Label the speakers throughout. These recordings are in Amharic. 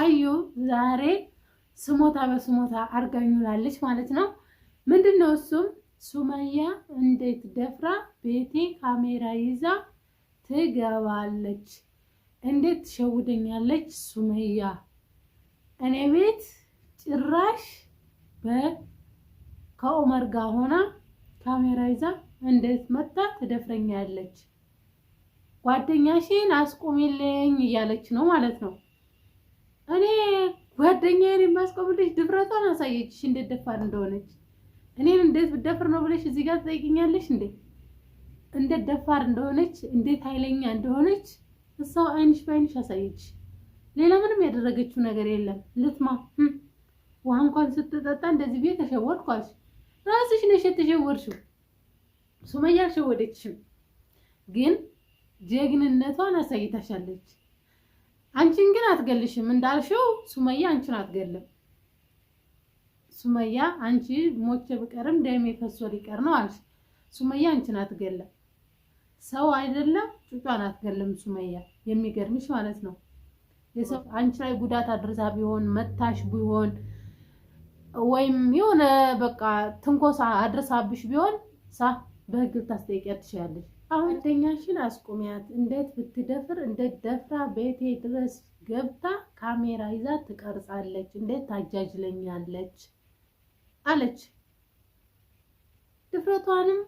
Speaker 1: አዩ ዛሬ ስሞታ በስሞታ አርጋኝ ውላለች ማለት ነው። ምንድን ነው እሱም ሱመያ እንዴት ደፍራ ቤቴ ካሜራ ይዛ ትገባለች? እንዴት ትሸውደኛለች? ሱመያ እኔ ቤት ጭራሽ ከኦመር ጋር ሆና ካሜራ ይዛ እንዴት መታ ትደፍረኛለች? ጓደኛሽን አስቁሚልኝ እያለች ነው ማለት ነው። እኔ ጓደኛዬን የማስቆምልሽ ድፍረቷን አሳየችሽ፣ እንዴት ደፋር እንደሆነች። እኔን እንዴት ብደፍር ነው ብለሽ እዚህ ጋር ትጠይቅኛለሽ እንዴ? እንዴት ደፋር እንደሆነች፣ እንዴት ኃይለኛ እንደሆነች እሷው አይንሽ በአይንሽ አሳየች ሌላ ምንም ያደረገችው ነገር የለም። ልትማ ውሃ እንኳን ስትጠጣ እንደዚህ ቤት ተሸወድኳልሽ። ራስሽ ነሽ የተሸወድሽው፣ ሱመያ አልሸወደችሽም። ግን ጀግንነቷን አሳይታሻለች። አንቺን ግን አትገልሽም እንዳልሽው ሱመያ አንቺን አትገልም። ሱመያ አንቺ ሞቼ ብቀርም ደሜ ፈሶ ሊቀር ነው አልሽ። ሱመያ አንቺን አትገልም። ሰው አይደለም ጩጫን አትገልም። ሱመያ የሚገርምሽ ማለት ነው የሰው አንቺ ላይ ጉዳት አድርሳ ቢሆን መታሽ ቢሆን ወይም የሆነ በቃ ትንኮሳ አድርሳብሽ ቢሆን ሳ በህግ ልታስጠይቂያት ትችያለሽ። አሁን ደኛሽን አስቁሚያት። እንዴት ብትደፍር እንዴት ደፍራ ቤቴ ድረስ ገብታ ካሜራ ይዛ ትቀርጻለች? እንዴት ታጃጅለኛለች? አለች። ድፍረቷንም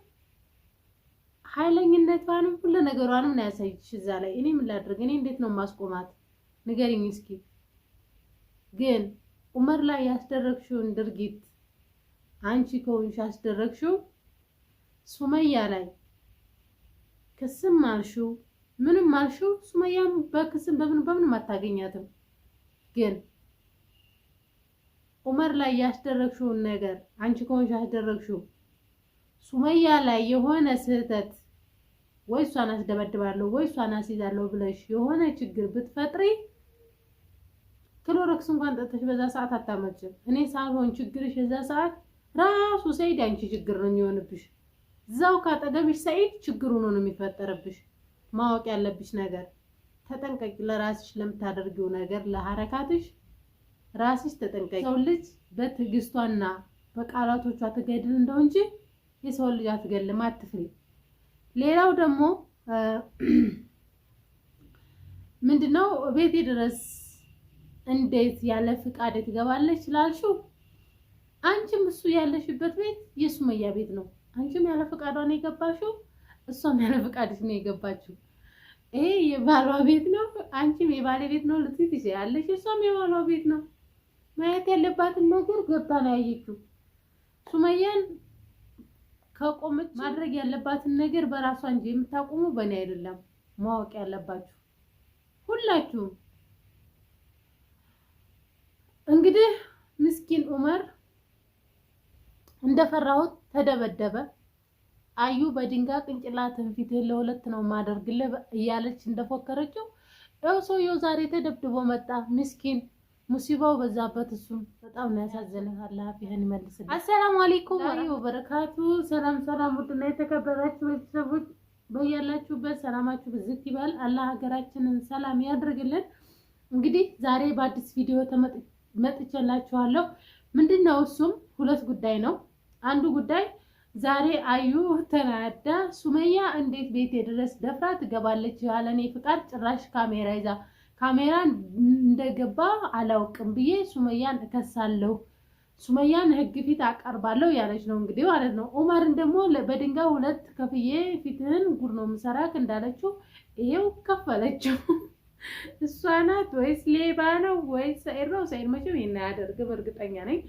Speaker 1: ኃይለኝነቷንም ሁሉ ነገሯንም ነው ያሳየች እዛ ላይ። እኔ ምን ላድርግ? እኔ እንዴት ነው ማስቆማት? ንገሪኝ እስኪ። ግን ዑመር ላይ ያስደረግሽውን ድርጊት አንቺ ከሆንሽ ያስደረግሽው ሱመያ ላይ ክስም አልሽው ምንም አልሽው ሱመያም በክስም በምን በምንም አታገኛትም። ግን ዑመር ላይ ያስደረግሽውን ነገር አንቺ ከሆንሽ ያስደረግሽው ሱመያ ላይ የሆነ ስህተት ወይ እሷን አስደበድባለሁ ወይ እሷን አስይዛለሁ ብለሽ የሆነ ችግር ብትፈጥሪ ክሎረክስ እንኳን ጠጥተሽ በዛ ሰዓት አታመጭም። እኔ ሳልሆን ችግርሽ የዛ ሰዓት ራሱ ሰይድ አንቺ ችግር ነው የሚሆንብሽ። እዛው ካጠገብሽ ሰኢድ ችግሩ ነው የሚፈጠርብሽ። ማወቅ ያለብሽ ነገር ተጠንቀቂ፣ ለራስሽ ለምታደርጊው ነገር ለሐረካትሽ ራስሽ ተጠንቀቂ። ሰው ልጅ በትዕግስቷና በቃላቶቿ ትገድል እንደው እንጂ የሰው ልጅ አትገልም፣ አትፍሪ። ሌላው ደግሞ ምንድነው ቤቴ ድረስ እንዴት ያለ ፍቃድ ትገባለች ላልሽው፣ አንቺም እሱ ያለሽበት ቤት የሱመያ ቤት ነው። አንቺም ያለ ፈቃዷ ነው የገባሽው፣ እሷም ያለ ፈቃድሽ ነው የገባችው። ይሄ የባሏ ቤት ነው፣ አንቺም የባሌ ቤት ነው ልትይ ትችያለሽ። እሷም የባሏ ቤት ነው። ማየት ያለባትን ነገር ገብታ ነው ያየችው። ሱመያን ከቆመች ማድረግ ያለባትን ነገር በራሷ እንጂ የምታቆሙ በእኔ አይደለም። ማወቅ ያለባችሁ ሁላችሁም እንግዲህ ምስኪን ዑመር እንደፈራሁት ተደበደበ። አዩ በድንጋይ ቅንጭላትን ፊት ለሁለት ነው ማደርግልህ እያለች እንደፎከረችው ያው ሰውየው ዛሬ ተደብድቦ መጣ። ምስኪን ሙሲባው በዛበት። እሱም በጣም ነው ያሳዘነ። አላህ ፊህን ይመልስልን።
Speaker 2: አሰላሙ አለይኩም ወበረካቱ። ሰላም ሰላም። ውድና የተከበራችሁ ቤተሰቦች በያላችሁበት ሰላማችሁ ብዝት ይባል። አላህ ሀገራችንን ሰላም ያድርግልን። እንግዲህ ዛሬ በአዲስ ቪዲዮ ተመጥቼላችኋለሁ። ምንድን ነው እሱም ሁለት ጉዳይ ነው አንዱ ጉዳይ ዛሬ አዩ ተናዳ ሱመያ እንዴት ቤቴ ድረስ ደፍራ ትገባለች? ያለኔ ፍቃድ ጭራሽ ካሜራ ይዛ ካሜራ እንደገባ አላውቅም ብዬ ሱመያን እከሳለሁ፣ ሱመያን ህግ ፊት አቀርባለሁ ያለች ነው እንግዲህ ማለት ነው። ኦማርን ደግሞ በድንጋይ ሁለት ከፍዬ ፊትህን ጉድ ነው ምሰራክ እንዳለችው ይሄው ከፈለችው። እሷ ናት ወይስ ሌባ ነው ወይስ ሰኢድ ነው? ሰኢድ መቼም ይናያደርግም እርግጠኛ ነኝ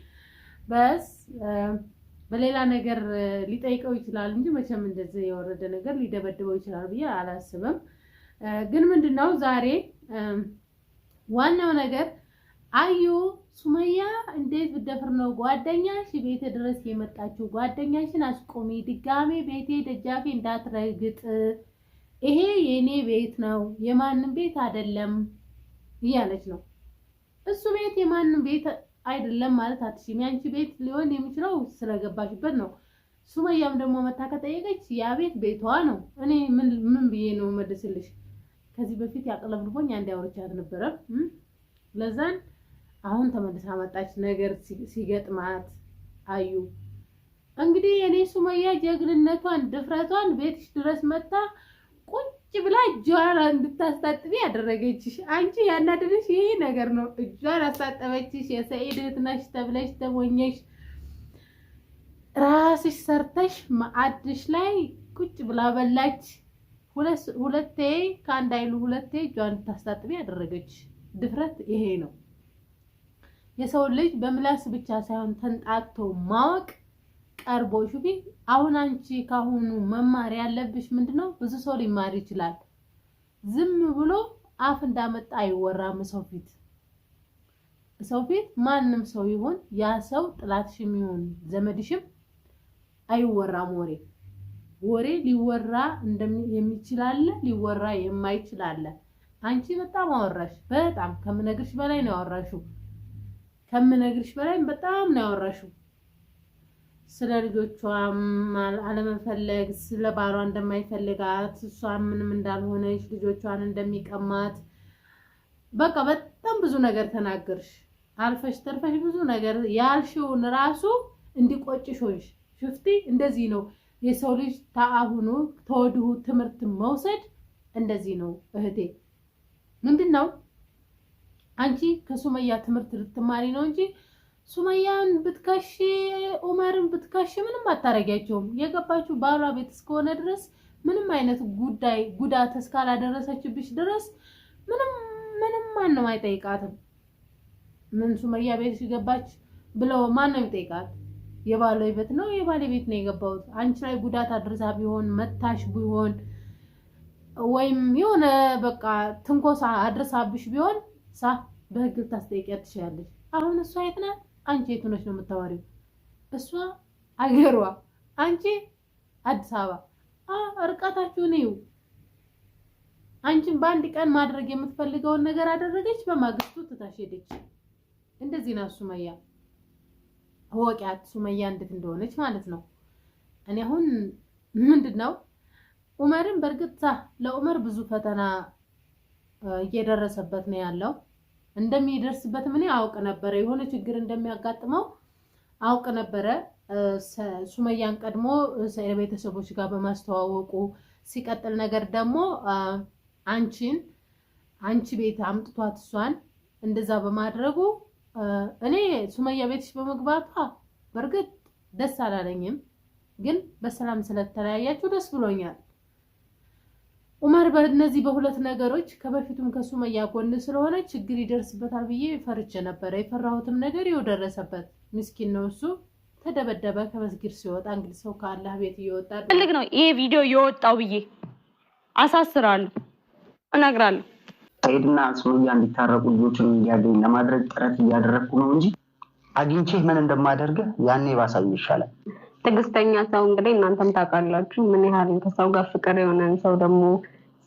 Speaker 2: በስ በሌላ ነገር ሊጠይቀው ይችላል እንጂ መቼም እንደዚህ የወረደ ነገር ሊደበድበው ይችላል ብዬ አላስብም። ግን ምንድን ነው ዛሬ ዋናው ነገር አዩ ሱመያ እንዴት ብደፍር ነው ጓደኛሽ ቤት ድረስ የመጣችው? ጓደኛሽን አስቆሚ፣ ድጋሜ ቤቴ ደጃፌ እንዳትረግጥ፣ ይሄ የእኔ ቤት ነው የማንም ቤት አይደለም እያለች ነው። እሱ ቤት የማንም ቤት አይደለም ማለት አትሽም ያንቺ ቤት ሊሆን የሚችለው ስለገባሽበት ነው። ሱመያም ደግሞ መታ ከጠየቀች ያ ቤት ቤቷ ነው። እኔ ምን ብዬ ነው መደስልሽ? ከዚህ በፊት ያቅለብልቦኝ አንድ ያወርቻት ነበረ። ለዛን አሁን ተመልሳ መጣች። ነገር ሲገጥማት አዩ እንግዲህ እኔ ሱመያ ጀግንነቷን፣ ድፍረቷን ቤትሽ ድረስ መታ ቁጭ ብላ እጇን እንድታስታጥቢ ያደረገችሽ አንቺ ያናደደሽ ይሄ ነገር ነው። እጇን አስታጠበችሽ። የሰኢድ እህት ነሽ ተብለሽ ተሞኘሽ። ራስሽ ሰርተሽ ማዕድሽ ላይ ቁጭ ብላ በላች። ሁለቴ ከአንድ አይሉ ሁለቴ እጇን እንድታስታጥቢ ያደረገች ድፍረት ይሄ ነው። የሰው ልጅ በምላስ ብቻ ሳይሆን ተንጣቶ ማወቅ ቀርቦሽ ቢ አሁን አንቺ ካሁኑ መማር ያለብሽ ምንድነው? ብዙ ሰው ሊማር ይችላል። ዝም ብሎ አፍ እንዳመጣ አይወራም። ሰው ፊት ሰው ፊት ማንም ሰው ይሁን ያ ሰው ጥላትሽም ይሁን ዘመድሽም አይወራም። ወሬ ወሬ ሊወራ የሚችል አለ፣ ሊወራ የማይችል አለ። አንቺ በጣም አወራሽ። በጣም ከምነግርሽ በላይ ነው ያወራሽው። ከምነግርሽ በላይ በጣም ነው ያወራሽው። ስለ ልጆቿ አለመፈለግ፣ ስለ ባሏ እንደማይፈልጋት እሷ ምንም እንዳልሆነች ልጆቿን እንደሚቀማት በቃ በጣም ብዙ ነገር ተናገርሽ። አልፈሽ ተርፈሽ ብዙ ነገር ያልሽውን ራሱ እንዲቆጭሽ ሆንሽ። ሽፍቲ እንደዚህ ነው የሰው ልጅ ተአሁኑ ተወድሁ ትምህርት መውሰድ እንደዚህ ነው እህቴ። ምንድን ነው አንቺ ከሱመያ ትምህርት ልትማሪ ነው እንጂ ሱመያን ብትከሺ ኡመርን ብትከሺ ምንም አታረጊያቸውም። የገባችሁ ባሏ ቤት እስከሆነ ድረስ ምንም አይነት ጉዳይ ጉዳት እስካላደረሰችብሽ ድረስ ምንም ምንም ማንም አይጠይቃትም። ምን ሱመያ ቤት ገባች ብለው ማን ነው የሚጠይቃት? የባለ ቤት ነው የባለ ቤት ነው የገባሁት። አንቺ ላይ ጉዳት አድርሳ ቢሆን መታሽ ቢሆን ወይም የሆነ በቃ ትንኮሳ አድርሳብሽ ቢሆን ሳ በህግ ልታስጠይቂያት ትችላለች። አሁን እሷ የት ናት? አንቺ የት ሆነሽ ነው የምታወሪው? እሷ አገሯ፣ አንቺ አዲስ አበባ። እርቀታችሁን እዩ። አንቺን በአንድ ቀን ማድረግ የምትፈልገውን ነገር አደረገች፣ በማግስቱ ትታሽ ሄደች። እንደዚህ ናት ሱመያ። ወቂያት ሱመያ እንዴት እንደሆነች ማለት ነው። እኔ አሁን ምንድን ነው ኡመርን በእርግጥ ለኡመር ብዙ ፈተና እየደረሰበት ነው ያለው እንደሚደርስበትም እኔ አውቅ ነበረ። የሆነ ችግር እንደሚያጋጥመው አውቅ ነበረ። ሱመያን ቀድሞ ቤተሰቦች ጋር በማስተዋወቁ ሲቀጥል ነገር ደግሞ አንቺን አንቺ ቤት አምጥቷት እሷን እንደዛ በማድረጉ እኔ ሱመያ ቤትሽ በመግባቷ በእርግጥ ደስ አላለኝም፣ ግን በሰላም ስለተለያያችሁ ደስ ብሎኛል። በእነዚህ በሁለት ነገሮች ከበፊቱም ከሱመያ ጎን ስለሆነ ችግር ይደርስበታል ብዬ ፈርቼ ነበረ። የፈራሁትም ነገር ይኸው ደረሰበት። ምስኪን ነው እሱ ተደበደበ። ከመስጊድ ሲወጣ እንግዲህ ሰው ከአላህ ቤት እየወጣ ፈልግ ነው ይሄ ቪዲዮ የወጣው ብዬ አሳስራለሁ፣ እነግራለሁ።
Speaker 3: ሰይድና ሱመያ እንዲታረቁ ልጆችን እንዲያገኝ ለማድረግ ጥረት እያደረግኩ ነው እንጂ አግኝቼ ምን እንደማደርገ ያኔ ባሳዩ ይሻላል።
Speaker 4: ትዕግስተኛ ሰው እንግዲህ እናንተም ታውቃላችሁ ምን ያህል ከሰው ጋር ፍቅር የሆነን ሰው ደግሞ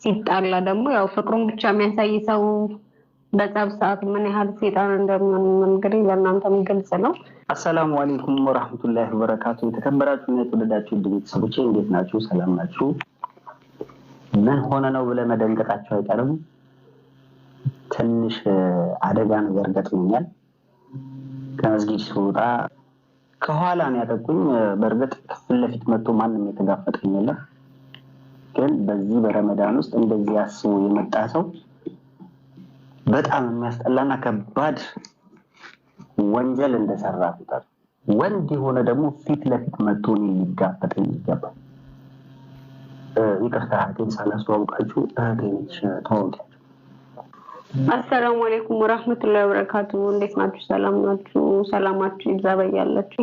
Speaker 4: ሲጣላ ደግሞ ያው ፍቅሩን ብቻ የሚያሳይ ሰው በጸብ ሰዓት ምን ያህል ሴጣን እንደሚሆን እንግዲህ ለእናንተም ግልጽ ነው።
Speaker 3: አሰላሙ አሌይኩም ወራህመቱላ ወበረካቱ። የተከበራችሁና የተወደዳችሁ ውድ ቤተሰቦች እንዴት ናችሁ? ሰላም ናችሁ? ምን ሆነ ነው ብለ መደንገጣችሁ አይቀርም። ትንሽ አደጋ ነገር ገጥሞኛል። ከመስጊድ ስወጣ ከኋላ ነው ያጠቁኝ። በእርግጥ ከፊት ለፊት መጥቶ ማንም የተጋፈጠኝ የለም። ግን በዚህ በረመዳን ውስጥ እንደዚህ አስቦ የመጣ ሰው በጣም የሚያስጠላና ከባድ ወንጀል እንደሰራ ቁጠር። ወንድ የሆነ ደግሞ ፊት ለፊት መጥቶ እኔን ሊጋፈጥ ይገባል። ይቅርታ እህቴን ሳላስተዋውቃችሁ እህቴ ነች።
Speaker 4: አሰላሙ አሌይኩም ወራህመቱላሂ ወበረካቱ። እንዴት ናችሁ? ሰላም ናችሁ? ሰላማችሁ ይብዛ በያላችሁ።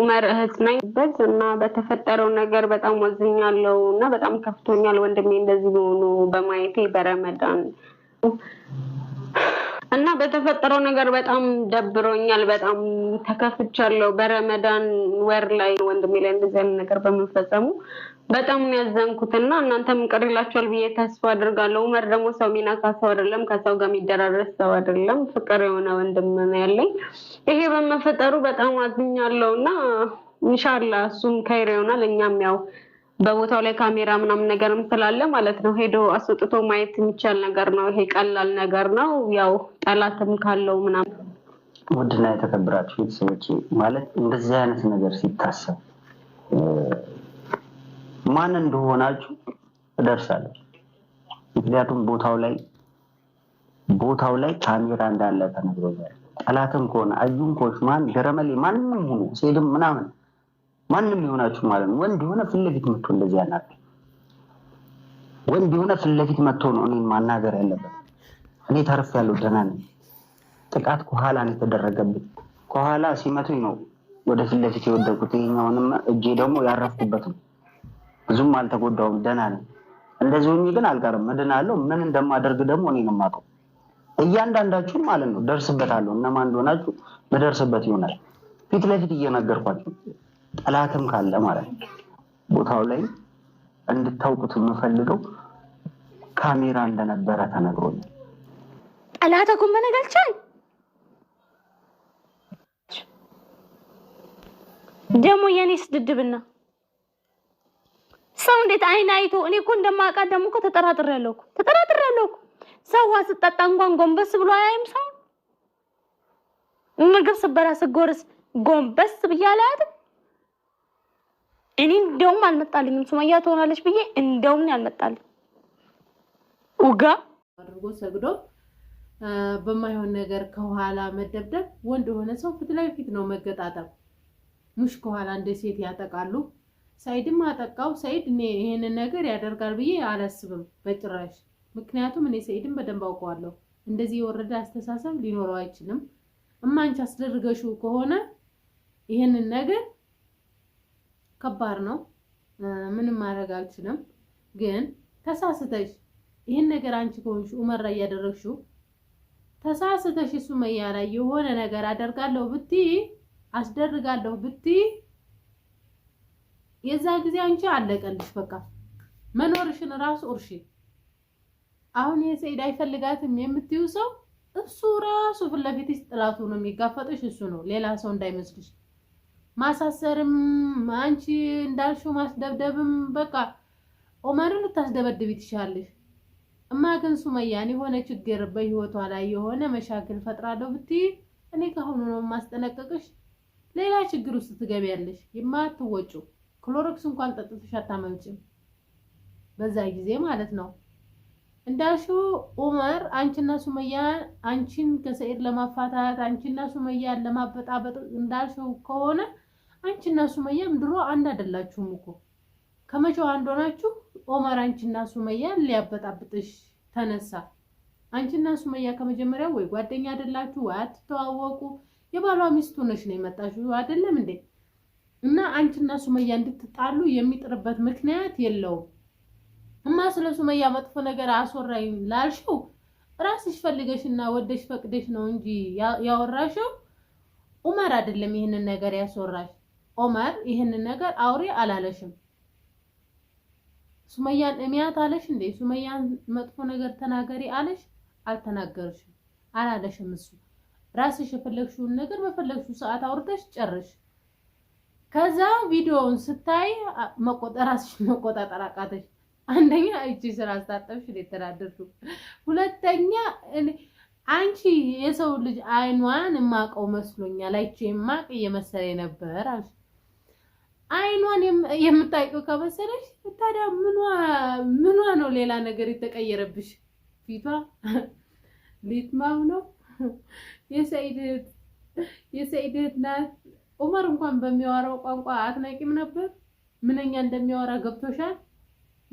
Speaker 4: ኡመር እህት ነኝ በዝ እና በተፈጠረው ነገር በጣም ወዝኛለው እና በጣም ከፍቶኛል ወንድሜ እንደዚህ በሆኑ በማየቴ በረመዳን እና በተፈጠረው ነገር በጣም ደብሮኛል። በጣም ተከፍቻለሁ። በረመዳን ወር ላይ ወንድሜ ላይ እንደዚህ ያለ ነገር በመፈጸሙ በጣም ያዘንኩትና እናንተም ቅር ብዬ ተስፋ አድርጋለሁ። ኡመር ደግሞ ሰው ሚነካ ሰው አይደለም፣ ከሰው ጋር የሚደራረስ ሰው አይደለም። ፍቅር የሆነ ወንድም ነው ያለኝ። ይሄ በመፈጠሩ በጣም አዝኛለሁ እና እንሻላ እሱም ከይር ይሆናል። እኛም ያው በቦታው ላይ ካሜራ ምናምን ነገርም ስላለ ማለት ነው ሄዶ አስወጥቶ ማየት የሚቻል ነገር ነው። ይሄ ቀላል ነገር ነው። ያው ጠላትም ካለው ምናምን
Speaker 3: ውድና የተከበራችሁ ቤተሰቦች ማለት እንደዚህ አይነት ነገር ሲታሰብ ማን እንደሆናችሁ እደርሳለሁ። ምክንያቱም ቦታው ላይ ቦታው ላይ ካሜራ እንዳለ ተነግሮኛል። ጠላትም ከሆነ አዩም ኮሽ ማን ገረመሌ ማንም ሁኑ ሴድም ምናምን ማንም የሆናችሁ ማለት ነው። ወንድ የሆነ ፊት ለፊት መጥቶ እንደዚህ ያናት ወንድ የሆነ ፊት ለፊት መጥቶ ነው እኔን ማናገር ያለበት። እኔ ተርፍ ያለው ደህና ነኝ። ጥቃት ከኋላ ነው የተደረገብኝ። ከኋላ ሲመቱኝ ነው ወደ ፊት ለፊት የወደቁት። ይኸኛውንም እጄ ደግሞ ያረፍኩበት ነው። ብዙም አልተጎዳውም፣ ደህና ነኝ። እንደዚህ ግን አልቀርም፣ እድናለሁ። ምን እንደማደርግ ደግሞ እኔ ነው የማውቀው። እያንዳንዳችሁ ማለት ነው ደርስበታለሁ። እነማን እንደሆናችሁ መደርስበት ይሆናል። ፊት ለፊት እየነገርኳችሁ ጠላትም ካለ ማለት ነው ቦታው ላይ እንድታውቁት የምፈልገው ካሜራ እንደነበረ ተነግሮኛል።
Speaker 2: ጠላት እኮ መነገልቻል ደግሞ የእኔስ ስድድብና ሰው እንዴት አይን አይቶ እኔ እኮ እንደማውቃት ደግሞ እኮ ተጠራጥሬያለሁ እኮ ተጠራጥሬያለሁ እኮ ሰው ውሃ ስጠጣ እንኳን ጎንበስ ብሎ አያይም። ሰው ምግብ ስበላ ስጎርስ ጎንበስ ብዬ አላያትም። እኔ እንደውም አልመጣልኝም። ሱመያ ትሆናለች ብዬ እንደውም ያልመጣልኝ ውጋ
Speaker 1: አድርጎ ሰግዶ በማይሆን ነገር ከኋላ መደብደብ፣ ወንድ የሆነ ሰው ፊት ለፊት ነው መገጣጠም። ሙሽ ከኋላ እንደ ሴት ያጠቃሉ። ሰይድም አጠቃው። ሰይድ እኔ ይሄንን ነገር ያደርጋል ብዬ አላስብም በጭራሽ። ምክንያቱም እኔ ሰይድን በደንብ አውቀዋለሁ። እንደዚህ የወረደ አስተሳሰብ ሊኖረው አይችልም። እማንች አስደርገሽው ከሆነ ይሄንን ነገር ከባድ ነው፣ ምንም ማድረግ አልችልም። ግን ተሳስተሽ ይህን ነገር አንቺ ከሆንሽ ኡመራ እያደረግሽው ተሳስተሽ እሱመያ ላይ የሆነ ነገር አደርጋለሁ ብትይ አስደርጋለሁ ብትይ የዛ ጊዜ አንቺ አለቀልሽ። በቃ መኖርሽን ራሱ እርሺ። አሁን የሰይድ አይፈልጋትም የምትዩ ሰው እሱ ራሱ ፊት ለፊትሽ ጥላቱ ነው የሚጋፈጥሽ። እሱ ነው ሌላ ሰው እንዳይመስልሽ። ማሳሰርም አንቺ እንዳልሽው ማስደብደብም በቃ ኦመርን ልታስደበድብ ትችላለሽ። እማ ግን ሱመያን የሆነ ችግር በህይወቷ ላይ የሆነ መሻክል ፈጥራለሁ ብትይ እኔ ከአሁኑ ነው የማስጠነቀቅሽ። ሌላ ችግር ውስጥ ትገቢያለሽ የማትወጪው ክሎሮክስ እንኳን ጠጥተሽ አታመልጭም። በዛ ጊዜ ማለት ነው እንዳልሽው ኡመር አንቺና ሱመያ አንቺን ከሰኢድ ለማፋታት አንቺና ሱመያን ለማበጣበጥ እንዳልሽው ከሆነ አንቺና ሱመያም ድሮ አንድ አይደላችሁም እኮ ከመቼው አንድ ሆናችሁ ኦመር አንቺና ሱመያን ሊያበጣብጥሽ ተነሳ። አንቺና ሱመያ ከመጀመሪያው ወይ ጓደኛ አይደላችሁ ወይ አትተዋወቁ። የባሏ ሚስቱ ነሽ ነው የመጣችሁ አይደለም እንዴ? እና አንቺና ሱመያ እንድትጣሉ የሚጥርበት ምክንያት የለውም። እማ ስለ ሱመያ መጥፎ ነገር አስወራኝ ላልሽው ራስሽ ፈልገሽ እና ወደሽ ፈቅደሽ ነው እንጂ ያወራሽው ኡመር አይደለም። ይህንን ነገር ያስወራሽ ኡመር ይህንን ነገር አውሬ አላለሽም። ሱመያን እሚያት አለሽ እንዴ? ሱመያን መጥፎ ነገር ተናገሪ አለሽ? አልተናገርሽም፣ አላለሽም። እሱ ራስሽ የፈለግሽውን ነገር በፈለግሽው ሰዓት አውርተሽ ጨርሽ። ከዛ ቪዲዮውን ስታይ መቆጠራሽ መቆጣጠር አቃተሽ። አንደኛ እጅ ስራ ስላስታጠብሽ የተናደድኩ፣ ሁለተኛ አንቺ የሰው ልጅ አይኗን የማቀው መስሎኛል፣ አይቼ የማቅ እየመሰለ ነበር አልሽ። አይኗን የምታውቂው ከመሰለሽ ታዲያ ምኗ ነው ሌላ ነገር የተቀየረብሽ? ፊቷ ሊትማም ነው የሰኢድ እህት ናት። ዑመር እንኳን በሚያወራው ቋንቋ አትነቂም ነበር። ምንኛ እንደሚያወራ ገብቶሻል?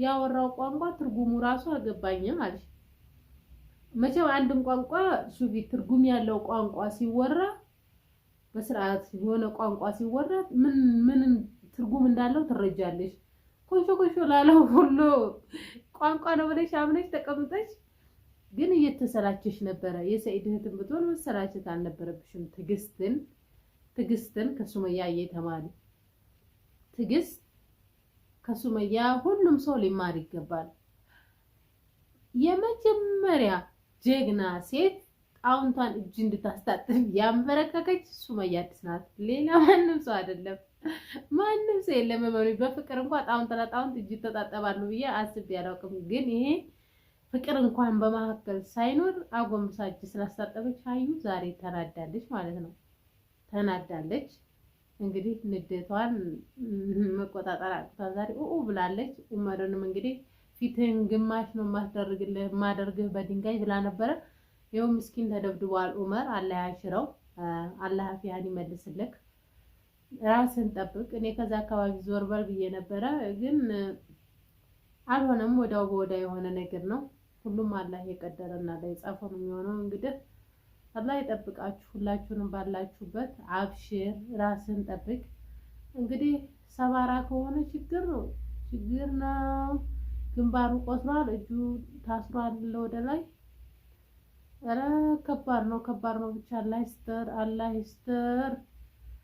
Speaker 1: ያወራው ቋንቋ ትርጉሙ ራሱ አገባኝም አለሽ። መቼም አንድም ቋንቋ ሱቢ ትርጉም ያለው ቋንቋ ሲወራ በስርዓት የሆነ ቋንቋ ሲወራ ምን ምን ትርጉም እንዳለው ትረጃለሽ። ኮሾ ኮሾ ላለው ሁሉ ቋንቋ ነው ብለሽ አምነሽ ተቀምጠሽ ግን እየተሰላቸሽ ነበረ። የሰኢድ እህትን ብትሆን መሰላቸት አልነበረብሽም። ትዕግስትን ትዕግስትን ከሱመያ እየተማሪ ትዕግስት ከሱመያ ሁሉም ሰው ሊማር ይገባል። የመጀመሪያ ጀግና ሴት ጣውንቷን እጅ እንድታስታጥብ ያንበረከከች ሱመያ አዲስ ናት። ሌላ ማንም ሰው አይደለም፣ ማንም ሰው የለም። በፍቅር እንኳ ጣውንትና ጣውንት እጅ ተጣጠባሉ ብዬ አስቤ አላውቅም። ግን ይሄ ፍቅር እንኳን በመካከል ሳይኖር አጎንብሳ እጅ ስላስታጠበች አዩ ዛሬ ተናዳለች ማለት ነው። ተናዳለች። እንግዲህ ንዴቷን መቆጣጠር አቅቷት ዛሬ ኡኡ ብላለች። ኡመርንም እንግዲህ ፊትህን ግማሽ ነው የማስደርግልህ የማደርግህ በድንጋይ ብላ ነበረ። ይኸው ምስኪን ተደብድቧል። ኡመር አላህ ያሽረው፣ አላህ ፊያን ይመልስልክ። ራስን ጠብቅ። እኔ ከዛ አካባቢ ዞር በል ብዬ ነበረ፣ ግን አልሆነም። ወዳው በወዳ የሆነ ነገር ነው። ሁሉም አላህ የቀደረና ላይ ጻፈው የሚሆነው እንግዲህ አላህ ይጠብቃችሁ ሁላችሁንም ባላችሁበት። አብሽር ራስን ጠብቅ። እንግዲህ ሰባራ ከሆነ ችግር ነው ችግር ነው። ግንባሩ ቆስሏል፣ እጁ ታስሯል ወደ ላይ። ኧረ ከባድ ነው ከባድ ነው። ብቻ አላህ ይስጥር አላህ ይስጥር።